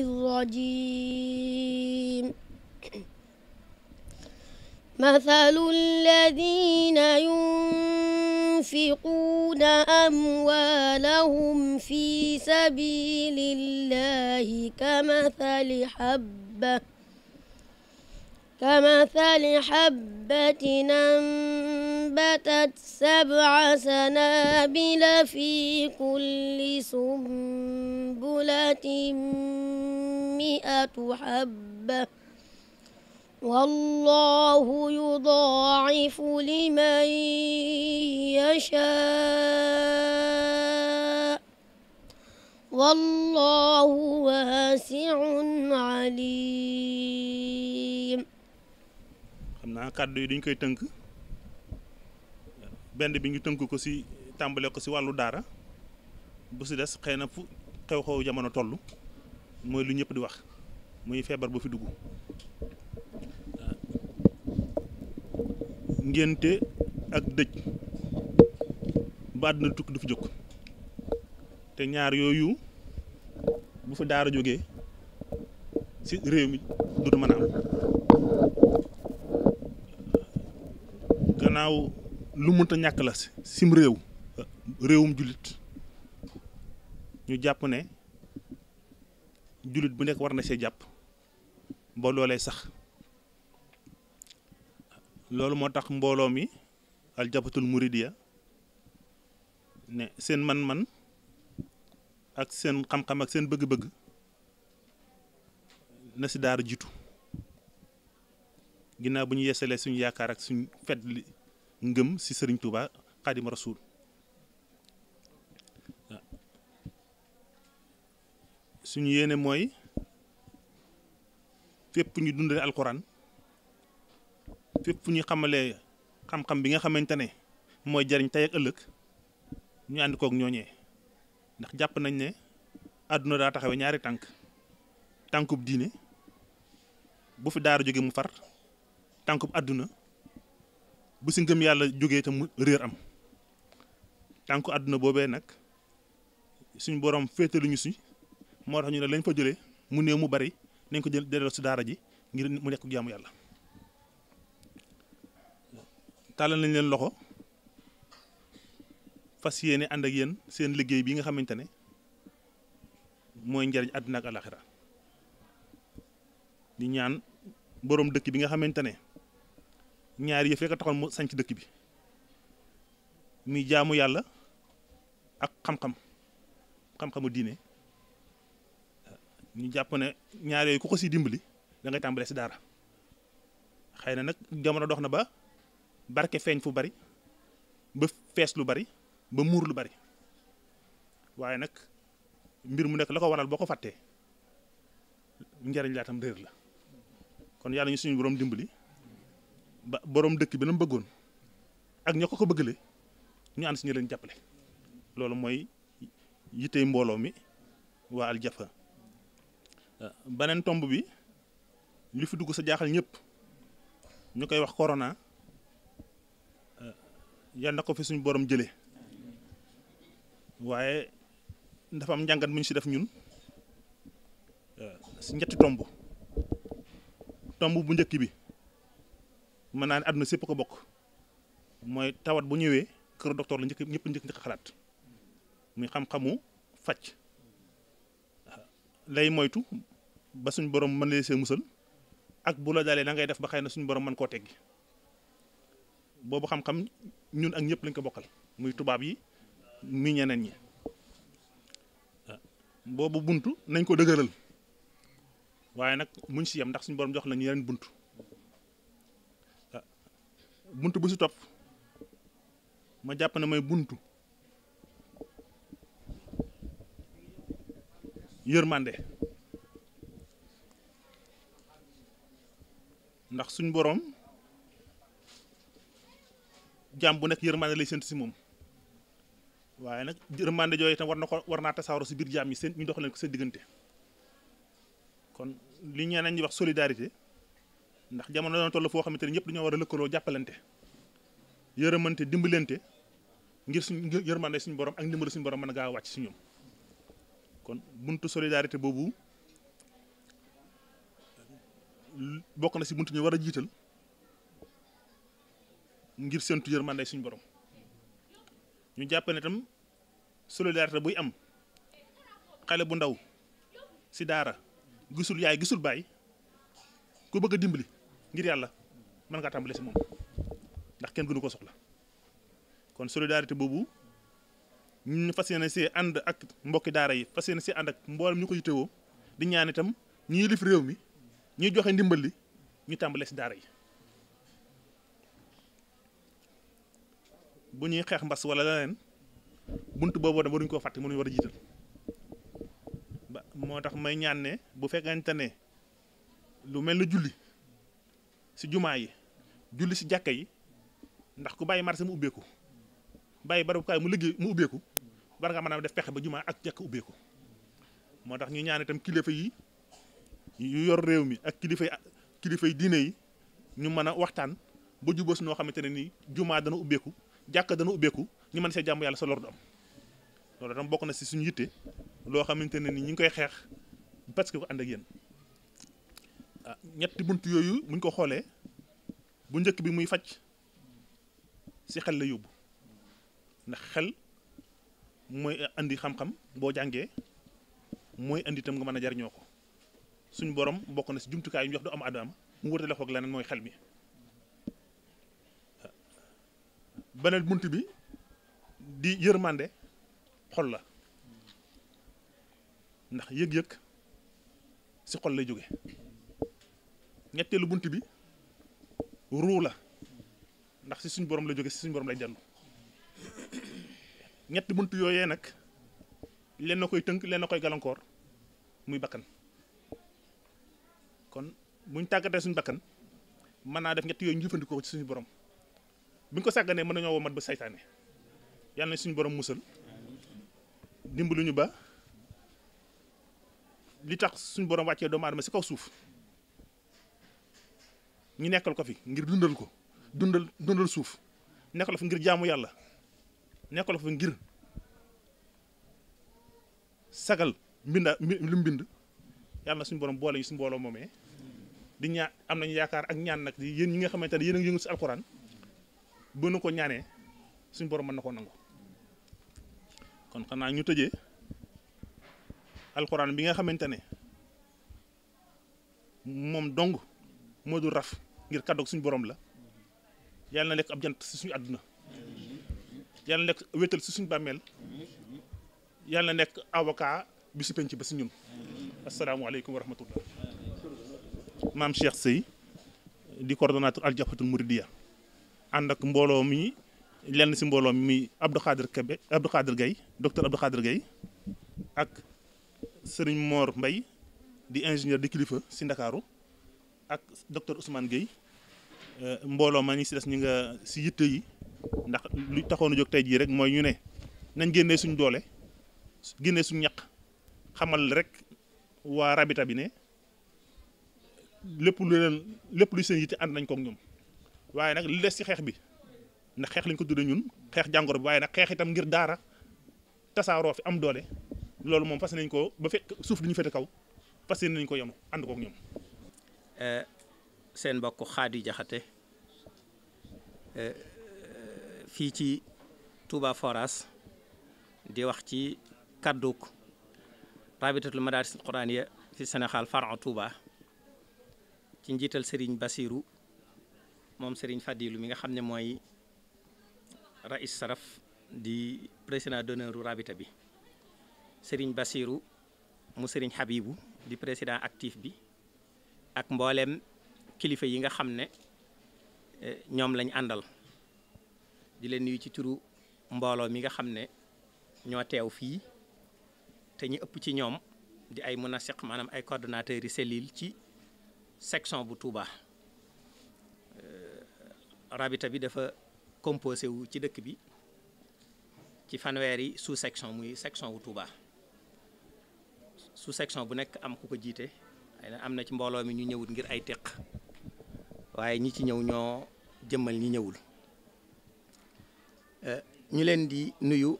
الرجيم مثل الذين ينفقون أموالهم في سبيل الله كمثل حبة كمثل حبة أنبتت سبع سنابل في كل سنبلة مئة حبة والله يضاعف لمن يشاء والله واسع عليم naa ah, kàddu yi dañ koy tënk benn bi ñu tënk ko ci tàmbale ko si wàllu daara bu si des xëy na fu xew-xew jamono toll mooy lu ñëpp di wax muy feebar bu fi dugg ngénte ak dëj ba àdduna tukki du fi jóg te ñaar yooyu bu fa daara jógee si réew mi dootu mën gannaaw lu mënta ñàkk la sim réew réewum jullit ñu jàpp ne jullit bu nekk war na see jàpp boo loolee sax loolu moo tax mbooloo mi aljabatul muridiya ne seen man-man ak seen xam-xam ak seen bëgg-bëgg na si daara jiitu ginnaaw bu ñu yeesalee suñu yaakaar ak suñu fedd li ngëm ci sëriñ Touba xaadim rasul suñu yéene mooy fépp ñu dundalee alxuraan fépp ñu xamalee xam-xam bi nga xamante ne mooy jariñ tey ak ëllëg ñu ànd kook ñooñee ndax jàpp nañ ne àdduna daa taxawee ñaari tànk tànkub diine bu fi daara jóge mu far tànkub àdduna bu si ngëm yàlla jógee te mu réer am tànku àdduna boobee nag suñu borom féetaluñu si moo tax ñu ne lañ fa jëlee mu néew mu bari nañ ko jël si daara ji ngir mu nekk jaamu yàlla tàllal nañ leen loxo fas yéene ànd ak yéen seen liggéey bi nga xamante ne mooy njariñ àdduna ak alaxira di ñaan boroom dëkk bi nga xamante ne ñaar yëf rek a taxoon mu sañc dëkk bi muy jaamu yàlla ak xam-xam xam-xamu diine ñu jàpp ne ñaar yooyu ku ko si dimbali da ngay tàmbalee si daara xëy na nag jamono dox na ba barke feeñ fu bari ba fees lu bari ba muur lu bari waaye nag mbir mu nekk la ko waral boo ko fàttee njariñ laatam réer la kon yàlla ñu suñu borom dimbali ba boroom dëkk bi la mu bëggoon ak ña ko ko bëggale ñu ànd si ñu leen jàppale loolu mooy yitey mbooloo mi waa aljafa euh, beneen tomb bi li fi dugg sa jaaxal ñëpp ñu koy wax corona euh, yal na ko fi suñu boroom jëlee waaye dafa am njàngat mu ñu si def ñun euh, si ñetti tomb tomb bu njëkk bi. mën naa ne àdduna sépp ko bokk mooy tawat bu ñëwee kër docteur la njëkk ñëpp njëkk njëkk xalaat muy xam-xamu faj lay moytu ba suñ borom mën lee see musal ak bu la dalee da ngay def ba xay na suñu borom mën koo teggi boobu xam-xam ñun ak ñëpp lañ ko bokkal muy tubaab yi muy ñeneen ñi boobu buntu nañ ko dëgëral waaye nag muñ si yem ndax suñ borom jox la ñu yeneen buntu bunt bu si topp ma jàpp na may buntu yërmande ndax suñ boroom jàmm bu nekk yërmande lay séntu si moom waaye nag yërmande jooju itam war na ko war naa tasaaroo si biir jàmm yi seen ñu dox leen ko seen diggante kon li ñeneen ñi wax solidarité ndax jamono dana toll foo xam xamante ne ñëpp dañoo war a lëkkaloo jàppalante yërëmante dimbalante ngir suñ ngir yërmande suñu borom ak ndimbalu suñ borom mën a gaaw wàcc si ñoom kon buntu solidarité boobu bokk na si buntu ñu war a jiital ngir séntu yërmande suñ borom ñu jàpp ne tam solidarité buy am xale bu ndaw si daara gisul yaay gisul baay ku bëgg a dimbali. ngir yàlla mën ngaa tàmbale si moom ndax kenn gënu ko la kon solidarité boobu ñu fas yéene si ànd ak mbokki daara yi fas si ànd ak mboolem ñu ko yitewoo di ñaan itam ñi yilif réew mi ñuy joxe ndimbal li ñu tàmbale si daara yi bu ñuy xeex mbas wala leneen bunt boobu da waruñu koo fàtte mënuñu war a jiital ba moo tax may ñaan ne bu fekkante ne lu mel na julli si jumaa yi julli si jàkka yi ndax ku bàyyi marché mu ubbeeku bàyyi barabukaay mu liggéey mu ubbeeku war nga mën a def pexe ba jumaa ak jàkka ubbeeku moo tax ñu ñaan itam kilifa yi yu yor réew mi ak kilifa kilifa yi diine yi ñu mën a waxtaan ba jubóos noo xamante ne nii jumaa dana ubbeeku jàkka dana ubbeeku ñu mën see jàmm yàlla sa lor du am loolu itam bokk na si suñu yitte loo xamante ne ni ñu ngi koy xeex parce que ko ànd ak yéen Ah, ñetti bunt yooyu buñ ko xoolee bu njëkk bi muy faj si xel la yóbbu ndax xel mooy indi xam-xam boo jàngee mooy indi tam nga mën a jariñoo ko suñu borom bokk na si jumtukaay yu ñu jox du am aadama mu wutale xoog leneen mooy xel mi beneen bunt bi di yërmande xol la ndax yëg-yëg si xol lay jóge ñetteelu bunt bi ruu la ndax si suñ borom la jóge si suñ borom lay dellu ñetti bunt yooyee nag lenn koy tënk leen koy gàllankoor muy bakkan kon buñ tàggatee suñu bakkan mën naa def ñett yooyu ñu jëfandikoo ci suñu borom buñ ko sàgganee mën nañoo womat ba seytaane yàlla na suñu borom musal dimbaluñu ba li tax suñu borom wàccee doomu aadama si kaw suuf ñu nekkal ko fi ngir dundal ko dundal suuf nekkal ko fi ngir jaamu yàlla nekkal ko fi ngir sagal mbinda lu mbind yàlla na suñu borom boole ñu si mbooloo moomee di ñaa am nañu yaakaar ak ñaan nag yéen ñi nga xamante ne yéen a ngi si alxuraan boo nu ko ñaanee suñu borom mën na koo nangu kon xanaa ñu tëjee alxuraan bi nga xamante ne moom dong moo dul raf ngir kàddoog suñu boroom la yàlla na nekk ab jant si suñu àdduna yàlla na nekk wéetal si suñu bàmmeel yàlla na nekk avocat bi si penc ba si ñun asalaamualeykum wa rahmatullah maam Cheikh Seye di coordonnateur aljafatul mouridiya ànd ak mbooloo mi lenn si mbooloo mi Abdou Khadir Kebe Abdou Khadir Gaye docteur Abdou Khadir Gaye ak Serigne moor Mbay di ingénieur di kilifa si Ndakaaru ak docteur Ousmane Gueye Euh, mbooloo ma ñi si des ñu nga si yitte yi ndax lu taxoon a jóg tey jii rek mooy ñu ne nañ génnee suñ doole génnee suñ ñaq xamal rek waa rabita bi ne lépp lu leen lépp lu seen yitte ànd nañ ko ñoom waaye nag li des ci xeex bi ndax xeex lañ ko tuddee ñun xeex jàngoro bi waaye nag xeex itam ngir daara tasaaroo fi am doole loolu moom fas nañ ko ba fekk suuf du ñu fete kaw fas nañ ko yenu ànd ko ñoom. Euh, seen mbokk Xaadi Jaxate eh, eh, fii ci Touba Foras di wax ci kàdduk rabitatul madaris quraniya fi Sénégal faran Touba ci njiital Serigne Basiru moom sëriñ Fadilu mi nga xam ne mooy rais saraf di président d'honneur u bi Serigne Basiru mu sëriñ Habibu di président actif bi ak mboolem kilifa yi nga xam ne eh, ñoom lañu àndal di leen nuyu ci turu mbooloo mi nga xam ne ñoo teew fii te ñu ëpp ci ñoom di ay munasiq maanaam ay coordonnateurs yi selil ci section bu Touba eh, rabita bi dafa composé wu ci dëkk bi ci fanweeri sous section muy section bu Touba sous section bu nekk am ku ko jiite am na ci mbooloo mi ñu ñëwut ngir ay téq waaye ñi ci ñëw ñoo jëmmal ñi ñëwul euh, ñu leen di nuyu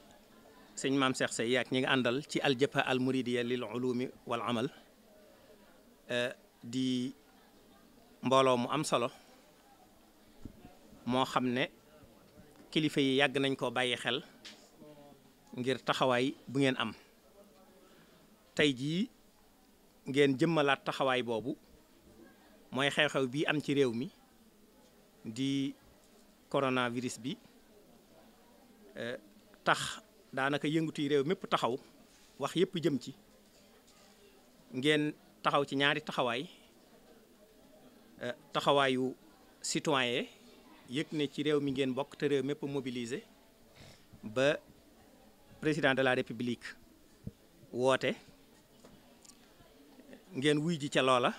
sëñ maam Cheikh Seye yaak ñi nga àndal ci aljabha al muridiya lil ulumi wal amal euh, di mbooloo mu am solo moo xam ne kilifa yi yàgg nañ koo bàyyi xel ngir taxawaay bu ngeen am tey jii ngeen jëmmalaat taxawaay boobu mooy xew-xew bi am ci réew mi di coronavirus bi eh, tax daanaka yëngutu réew mépp taxaw wax yépp jëm ci ngeen taxaw ci ñaari taxawaay eh, taxawaayu citoyen yëg ne ci réew mi ngeen bokk te réew mépp mobilisé ba président de la république woote ngeen wuy ji ca loola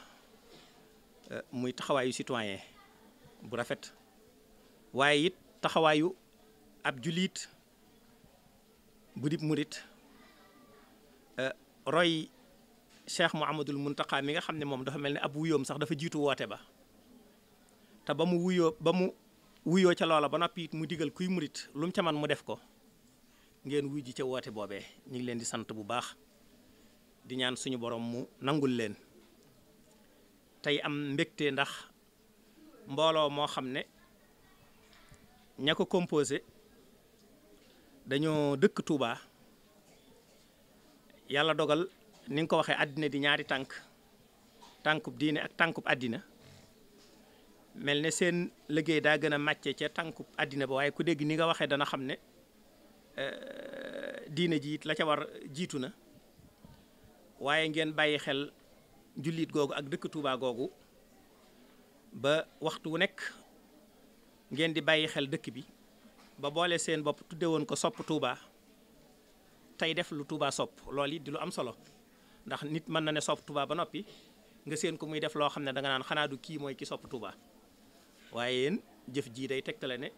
Euh, muy taxawaayu citoyen bu rafet waaye it taxawaayu ab juliit bu murit euh, roy mu cheikh mun Mountakha mi nga xam ne moom dafa mel ni ab wuyoom sax dafa jiitu woote ba te ba mu wuyoo ba mu wuyoo ca loola ba noppiit mu digal kuy murit lu mu ca man mu def ko ngeen wuy ji ca woote boobe ñu ngi leen di sant bu baax di ñaan suñu boroom mu nangul leen. tey am mbégte ndax mbooloo moo xam ne ña ko composé dañoo dëkk Touba yàlla dogal ni nga ko waxee àddina di ñaari tànk tànkub diine ak tànkub àddina mel ne seen liggéey daa gën a màcce ca tànkub àddina ba waaye ku dégg ni nga waxee dana xam ne euh, diine ji it la ca war jiitu na waaye ngeen bàyyi xel jullit googu ak dëkk Touba googu ba waxtu wu nekk ngeen di bàyyi xel dëkk bi ba boole seen bopp tudde woon ko sopp Touba tey def lu Touba sopp lool yi di lu am solo ndax nit mën na ne sopp Touba ba noppi nga seen ko muy def loo xam ne danga naan xanaa du kii mooy ki sopp Touba waaye yéen jëf jii day tegtale ne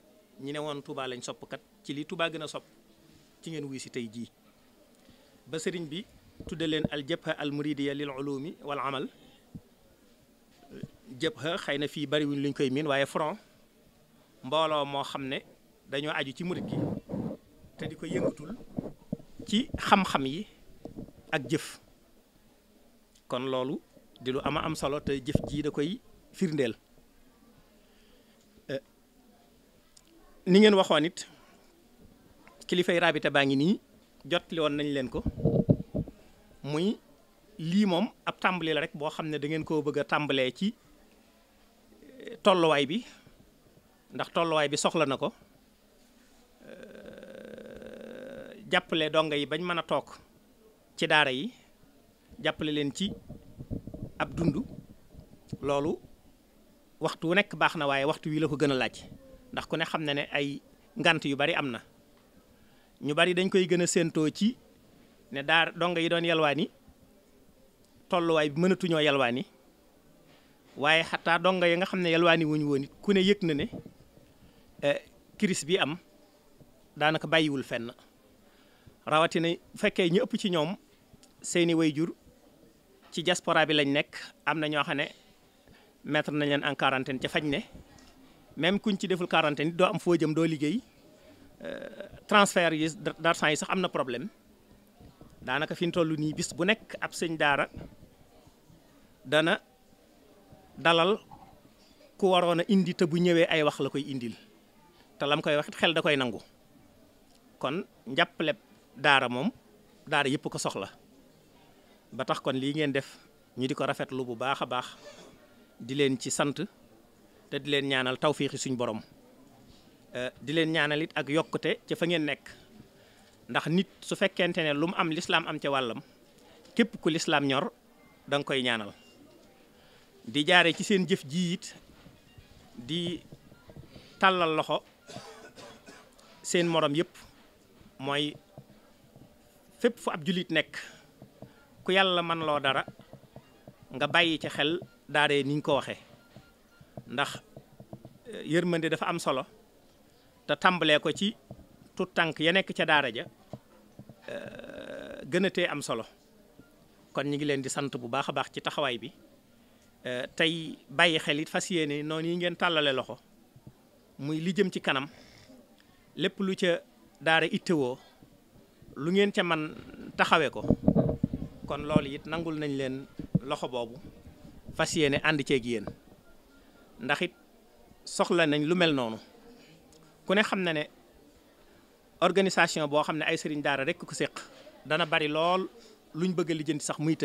ñi ne woon Touba lañ soppkat ci li Touba gën a sopp ci ngeen wuy si tey jii ba sëriñ bi. tudde leen al jabha al muridiya lil ulumi wal amal jabha xëy na fii bariwuñ luñ koy miin waaye front mbooloo moo xam ne dañoo aju ci murid gi te di ko yëngatul ci xam-xam yi ak jëf kon loolu di lu ama am solo te jëf jii da koy firndeel eh, ni ngeen waxoon it kilifay rabita baa ngi nii jot li woon nañ leen ko muy lii moom ab tàmbali la rek boo xam ne da ngeen koo bëgg a tàmbalee ci eh, tolluwaay bi ndax tolluwaay bi soxla na ko eh, jàppale donga yi bañ mën a toog ci daara yi jàppale leen ci ab dund loolu waxtu wu nekk baax na waaye waxtu wi la ko gën a laaj ndax ku ne xam na ne ay ngant yu bari am na ñu bari dañ koy gën a séentoo ci ne daar dongo yi doon yalwaani tolluwaay bi mënatuñoo yalwaani waaye xataa dongo yi nga xam ne yalwaani wuñu woon it ku ne yëg na ne eh, kiris bi am daanaka bàyyiwul fenn rawatina bu fekkee ñu ëpp ci ñoom seeni wayjur ci diaspora bi lañ nekk am na ñoo xam ne metre nañ leen en quarantaine ca fañ ne même kuñ ci deful quarantaine it doo am foo jëm doo liggéey eh, transfert yi d'argent yi sax am na problème daanaka fi ñu toll nii bis bu nekk ab sëñ daara dana dalal ku waroon a indi te bu ñëwee ay wax la koy indil te lam koy wax xel da koy nangu kon njàppale daara moom daara yëpp ko soxla ba tax kon lii ngeen def ñu di ko rafetlu bu baax a baax di leen ci sant te di leen ñaanal tawféexi suñ borom eh, di leen ñaanal it ak yokkute ca fa ngeen nekk. ndax nit su fekkente ne lu mu am lislaam am ca wàllam képp ku lislaam ñor danga koy ñaanal di jaare ci seen jëf ji it di tàllal loxo seen morom yëpp mooy fépp fu ab jullit nekk ku yàlla man loo dara nga bàyyi ci xel daaree niñ ko waxe ndax yërmande dafa am solo te tàmbalee ko ci tout tànk ya nekk ca daara ja euh, gën a tee am solo kon ñu ngi leen di sant bu baax a baax ci taxawaay bi euh, tey bàyyi xel it fas yéene noonu yi ngeen tàllale loxo muy li jëm ci kanam lépp lu ca daara ittewoo lu ngeen ca man taxawee ko kon loolu it nangul nañ leen loxo boobu fas yéene ànd ceeg yéen ndax it soxla nañ lu mel noonu ku ne xam na ne organisation boo xam ne ay sëriñ daara rekk ko séq dana bari lool luñ bëgg a lijjanti sax muy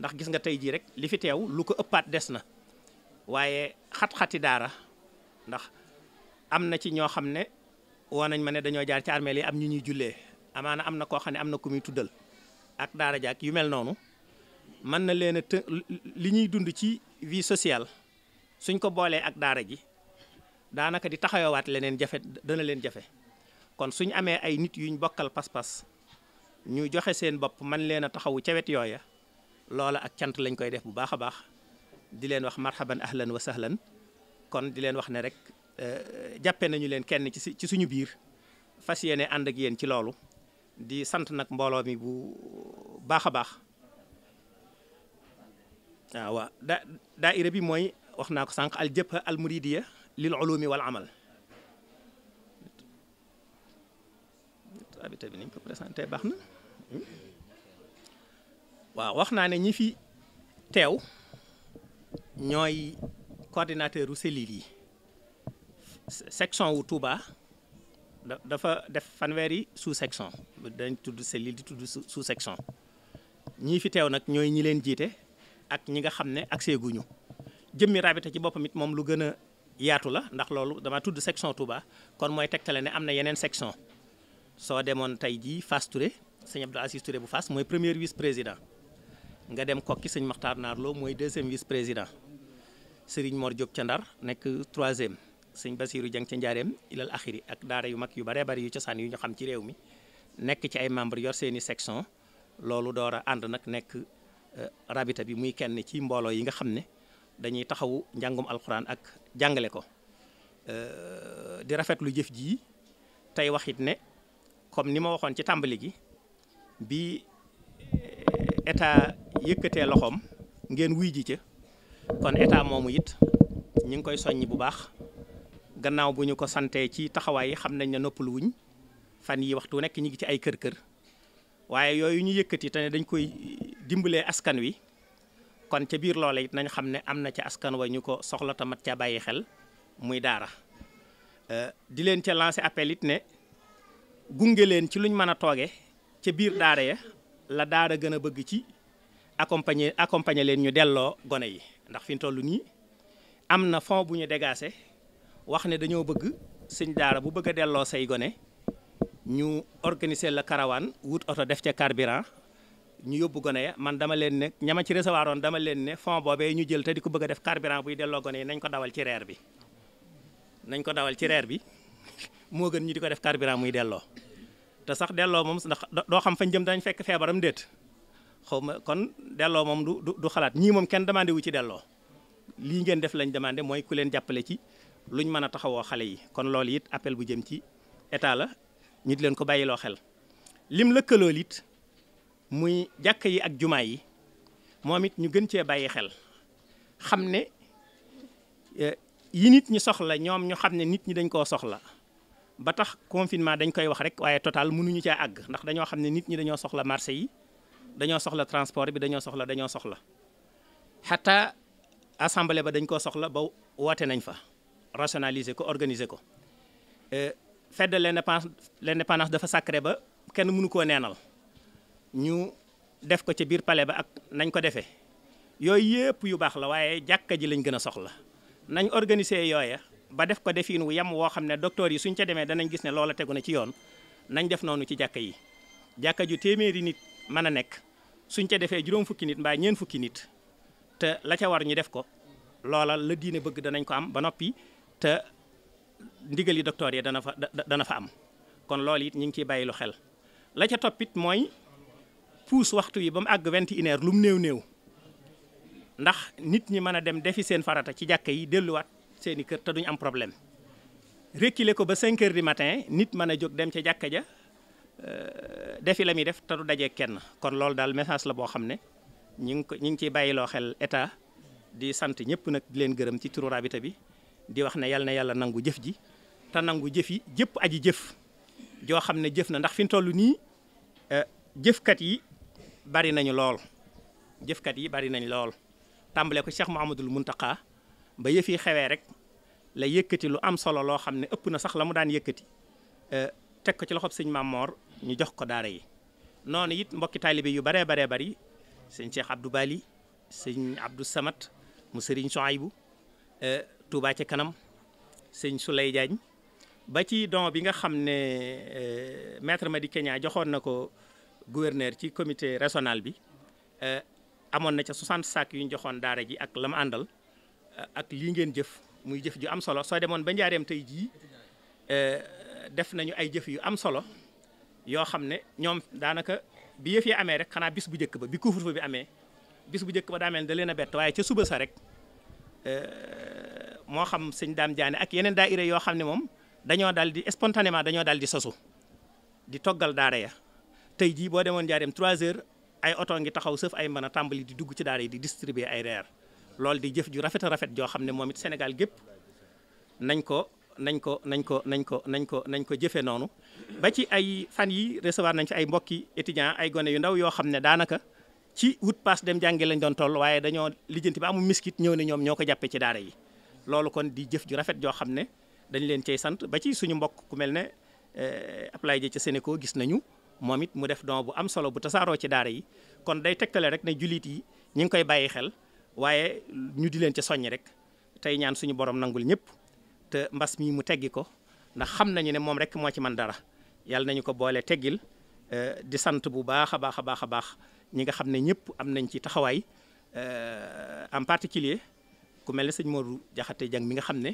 ndax gis nga tey jii rek li fi teew lu ko ëppaat des na waaye xat-xati daara ndax am na ci ñoo xam ne woo nañ ma ne dañoo jaar ci armeel yi am ñu ñuy jullee amaana am na koo xam ne am na ku muy tuddal ak daara jaak yu mel noonu mën na leen a të li ñuy dund ci vie sociale suñ ko boolee ak daara ji daanaka di taxawaat leneen jafe dana leen jafe kon suñu amee ay nit yuñ bokkal pas-pas ñu joxe seen bopp man leen a taxawu ca wet yooya loola ak cant lañ koy def bu baax a baax di leen wax marhaban ahlan wa sahlan kon di leen wax ne rek euh, jàppe nañu leen kenn ci ci suñu biir fas yéene ànd ak yéen ci loolu di sant nag mbooloo mi bu baax a baax waaw daa daaira bi mooy wax naa ko sànq al jëbha al muridiya lil mi wal amal bi tamit niñ ko présenté baax na waaw wax naa ne ñi fi teew ñooy coordinateur u cellule yi section wu Touba dafa def fanweeri sous section dañ tudd cellule di tudd sous section ñii fi teew nag ñooy ñi leen jiite ak ñi nga xam ne accès guñu jëmmi Rabita ci boppam it moom lu gën a yaatu la ndax loolu dama tudd section Touba kon mooy tegtale ne am na yeneen section soo demoon tey jii Fass Touré sëñ Abdou Aziz bu Fass mooy premier vice président nga dem kokki sëñ Makhtar Naarlo mooy deuxième vice président sëriñ moor Diop ca Ndar nekk troisième sëñ Basirou Dieng ca Njaareem ilal axiri ak daara yu mag yu baree bari yu cosaan yu ñu xam ci réew mi nekk ci ay membre yor seeni section loolu door a ànd nag nekk euh, rabita bi muy kenn ci mbooloo yi nga xam ne dañuy taxawu njàngum alxuraan ak jàngale ko euh, di rafetlu jëf ji comme ni ma waxoon ci tàmbali gi bi eh, état yëkkatee loxoom ngeen wuy ca kon état moomu it ñu ngi koy soññ bu baax gannaaw bu ñu ko santee ci taxawaay yi xam nañ ne noppalu wuñ fan yi waxtu nekk ñu ngi ci ay kër-kër waaye yooyu ñu yëkkati te ne dañ koy dimbalee askan wi kon ca biir loola it nañ xam ne am na ca askan wa ñu ko soxla ta mat caa bàyyi xel muy daara eh, di leen ca lancé appel it ne gunge leen ci lu luñ mën a tooge ca biir daara ya la daara gën a bëgg ci accompagner accompagner leen ñu delloo gone yi ndax fi ñu toll nii am na fon bu ñu dégaase wax ne dañoo bëgg sëñ daara bu bëgg a delloo say gone ñu organiser la karawaan wut oto def ca carburant ñu yóbbu gone ya man dama leen ne ñama ci recevoir oon dama leen ne fond boobee ñu jël te di ko bëgg a def carburant buy delloo gone yi nañ ko dawal ci reer bi nañ ko dawal ci reer bi moo gën ñu di ko def carburant muy delloo te sax delloo moom ndax doo xam fañ jëm dañ fekk feebaram déet xaw ma kon delloo moom du du xalaat ñii moom kenn demandé wu ci delloo lii ngeen def lañ demandé mooy ku leen jàppale ci luñ mën a taxawoo xale yi kon loolu it appel bu jëm ci état la ñu di leen ko bàyyiloo xel lim lëkkalool it muy jàkka yi ak jumaa yi moom it ñu gën cee bàyyi xel xam ne eh, yi nit ñi soxla ñoom ñu xam ne nit ñi dañ koo soxla ba tax confinement dañ koy wax rek waaye total mënuñu caa àgg ndax dañoo xam ne nit ñi dañoo soxla marché yi dañoo soxla transport bi dañoo soxla dañoo soxla xataa assemblée ba dañ koo soxla ba woote nañ fa rationaliser ko organiser ko fedd euh, fête de l'indépendance l'indépendance dafa sacré ba kenn mënu koo neenal ñu def ko ca biir pale ba ak nañ ko defee yooyu yëpp yu baax la waaye jàkka ji lañ gën a soxla nañ organiser yooya ba def ko defin wu yem woo xam ne docteur yi suñ ca demee danañ gis ne loola tegu na ci yoon nañ def noonu ci jàkka yi jàkka ju téeméeri nit mën a nekk suñ ca defee juróom fukki nit mbaa ñeen fukki nit te la ca war ñu def ko loola la diine bëgg danañ ko am ba noppi te ndigal yi docteur yi dana fa dana fa am kon loolu it ñu ngi ciy bàyyi lu xel la ca toppit mooy puus waxtu yi ba mu àgg vingt et une lu néew néew ndax nit ñi mën a dem defi seen farata ci jàkka yi delluwaat seeni kër te duñ am problème reculer ko ba 5 heures matin nit mën a jóg dem ca jàkka ja euh, defi la muy def te du dajee kenn kon loolu daal message la boo xam ne ñi ngi ko ñi ngi ciy bàyyiloo xel état di sant ñëpp nag leen gërëm ci turu bi di wax ne yàlla na yàlla nangu jëf ji te nangu jëf yi jëpp aji jëf joo xam ne jëf na ndax fi mu toll nii euh, jëfkat yi bari nañu lool jëfkat yi bari nañ lool tàmbale ko Cheikh Mouhamadul Mountakha ba yëf xewee rek la yëkkati lu am solo loo xam ne ëpp na sax la mu daan yëkkati euh, teg ko ci loxob sëñ Maam ñu jox ko daara yi noonu it mbokki taalibe yu baree baree bari sëñ Cheikh Abdou Bali sëñ abdu Samat mu sëriñ Soaybu euh, Touba ci kanam sëñ Souley Diagne ba ci don bi nga xam ne euh, maître Madické Niang joxoon na ko gouverneur ci comité régional bi amoon na ca 60 sacs yu ñu joxoon daara ji ak la mu àndal ak lii ngeen jëf muy jëf ju am solo soo demoon ba njaareem tey jii eh, def nañu ay jëf yu am solo yoo xam ne ñoom daanaka bi yëf yi amee rek xanaa bis bu njëkk ba bi couvre-feu bi amee bis bu njëkk ba daa mel da leen a bett waaye ca suba sa rek eh, moo xam sëñ daam jaane ak yeneen daa daayira yoo xam ne moom dañoo dal di spontanément dañoo daal di sosu di toggal daara ya tey jii boo demoon njaareem trois heures ay oto ngi taxaw sëf ay mën a tàmbali di dugg ci daara yi di distribuer ay reer loolu di jëf ju rafet a rafet joo xam ne moom it Sénégal gépp nañ ko nañ ko nañ ko nañ ko nañ ko nañ ko jëfee noonu ba ci ay fan yi recevoir nañ fi ay mbokki étudiants ay gone yu ndaw yoo xam ne daanaka ci wut pass dem jànge lañ doon toll waaye dañoo lijjanti ba amu miskit ñëw ne ñoom ñoo ko jàppee ci daara yi loolu kon di jëf ju rafet joo xam ne dañ leen cey sant ba ci suñu mbokk ku mel ne eh, Ablaye ji ca Sénégal gis nañu moom it mu def don bu am solo bu tasaaroo ci daara yi kon day tegtale rek ne jullit yi ñu ngi koy bàyyi xel waaye ñu di leen ca soññ rek tey ñaan suñu borom nangul ñëpp te mbas mii mu teggi ko ndax xam nañu ne moom rek moo ci man dara yàlla nañu ko boole teggil eh, di sant bu baax a baax a baax a baax ñi nga xam ne ñëpp am nañ ci taxawaay eh, en particulier ku mel ne sëñ Modou Jaxate Jang mi nga xam ne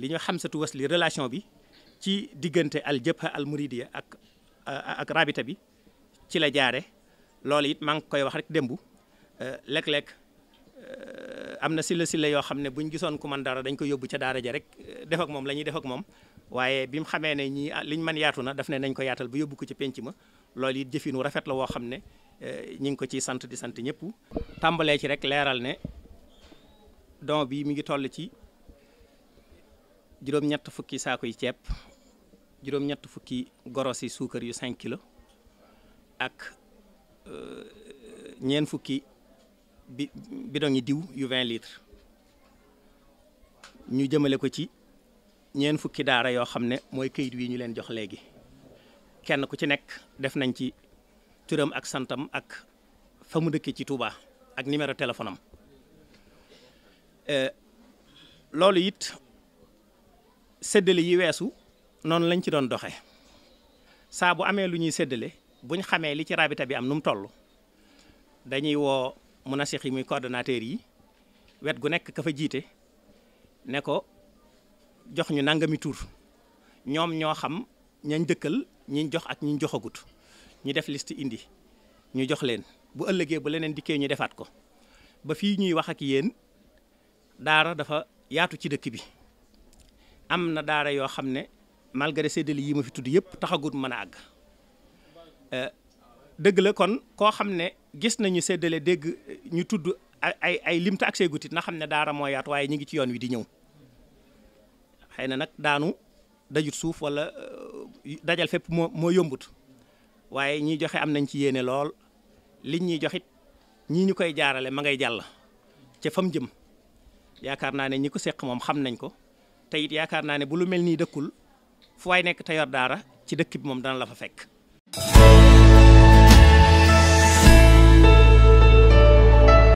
li ñu Hamsatou Wasly relation bi ci diggante al jëbha al muridiya ak eh, ak rabita bi ci la jaare loolu it maa ngi koy wax rek démb léeg-léeg Euh, am na silla silla yoo xam ne buñ gisoon ku man dara dañ ko yóbbu ca daara ja rek euh, defak moom la ñuy def ak moom waaye bi mu xamee ne ñii ah, liñ man yaatu na daf ne nañ ko yaatal bu yóbbu ko ci penc ma loolu jëfin wu rafet la woo xam ne euh, ñi ngi ko ciy sant di sant ñëpp tàmbalee ci rek leeral ne don bi mi ngi toll ci juróom-ñett fukki saako yi ceeb juróom-ñett fukki gorosi suukar yu 5 kilo ak ñeen fukki bi bidon yi diw yu vingt litres ñu jëmale ko ci ñeen fukki daara yoo xam ne mooy kayit wi ñu leen jox léegi kenn ku ci nekk def nañ ci turam ak santam ak fa mu dëkkee ci Touba ak numéro téléphone euh, loolu it séddale yi weesu noonu lañ ci doon doxee saa bu amee lu ñuy séddale buñ xamee li ci rabita bi am nu mu toll dañuy woo mun munasix yi muy coordonnateur yi wet gu nekk ka fa jiite ne ko jox ñu nangami tur ñoom ñoo xam ñañ dëkkal ñiñ jox ak ñiñ joxagut ñu def list indi ñu jox leen bu ëllëgee bu leneen dikkee ñu defaat ko ba fii ñuy wax ak yéen daara dafa yaatu ci dëkk bi am na daara yoo xam ne malgré séddale yii ma fi tudd yëpp taxagut mën a àgg euh, dëgg la kon koo xam ne gis nañu seddale dégg ñu tudd ay ay limta ak seegut it na xam ne daara moo yaatu waaye ñu ngi ci yoon wi di ñëw xëy na nag daanu dajut suuf wala euh, dajal fépp moo moo yombut waaye ñi joxe am nañ ci yéene lool liñ ñuy joxit ñii ñu koy jaarale ma ngay jàll ca fam jëm yaakaar naa ne ñi ko seq moom xam nañ ko te yaakaar naa ne bu lu mel nii dëkkul fu waay nekk te daara ci dëkk bi moom dana la fa fekk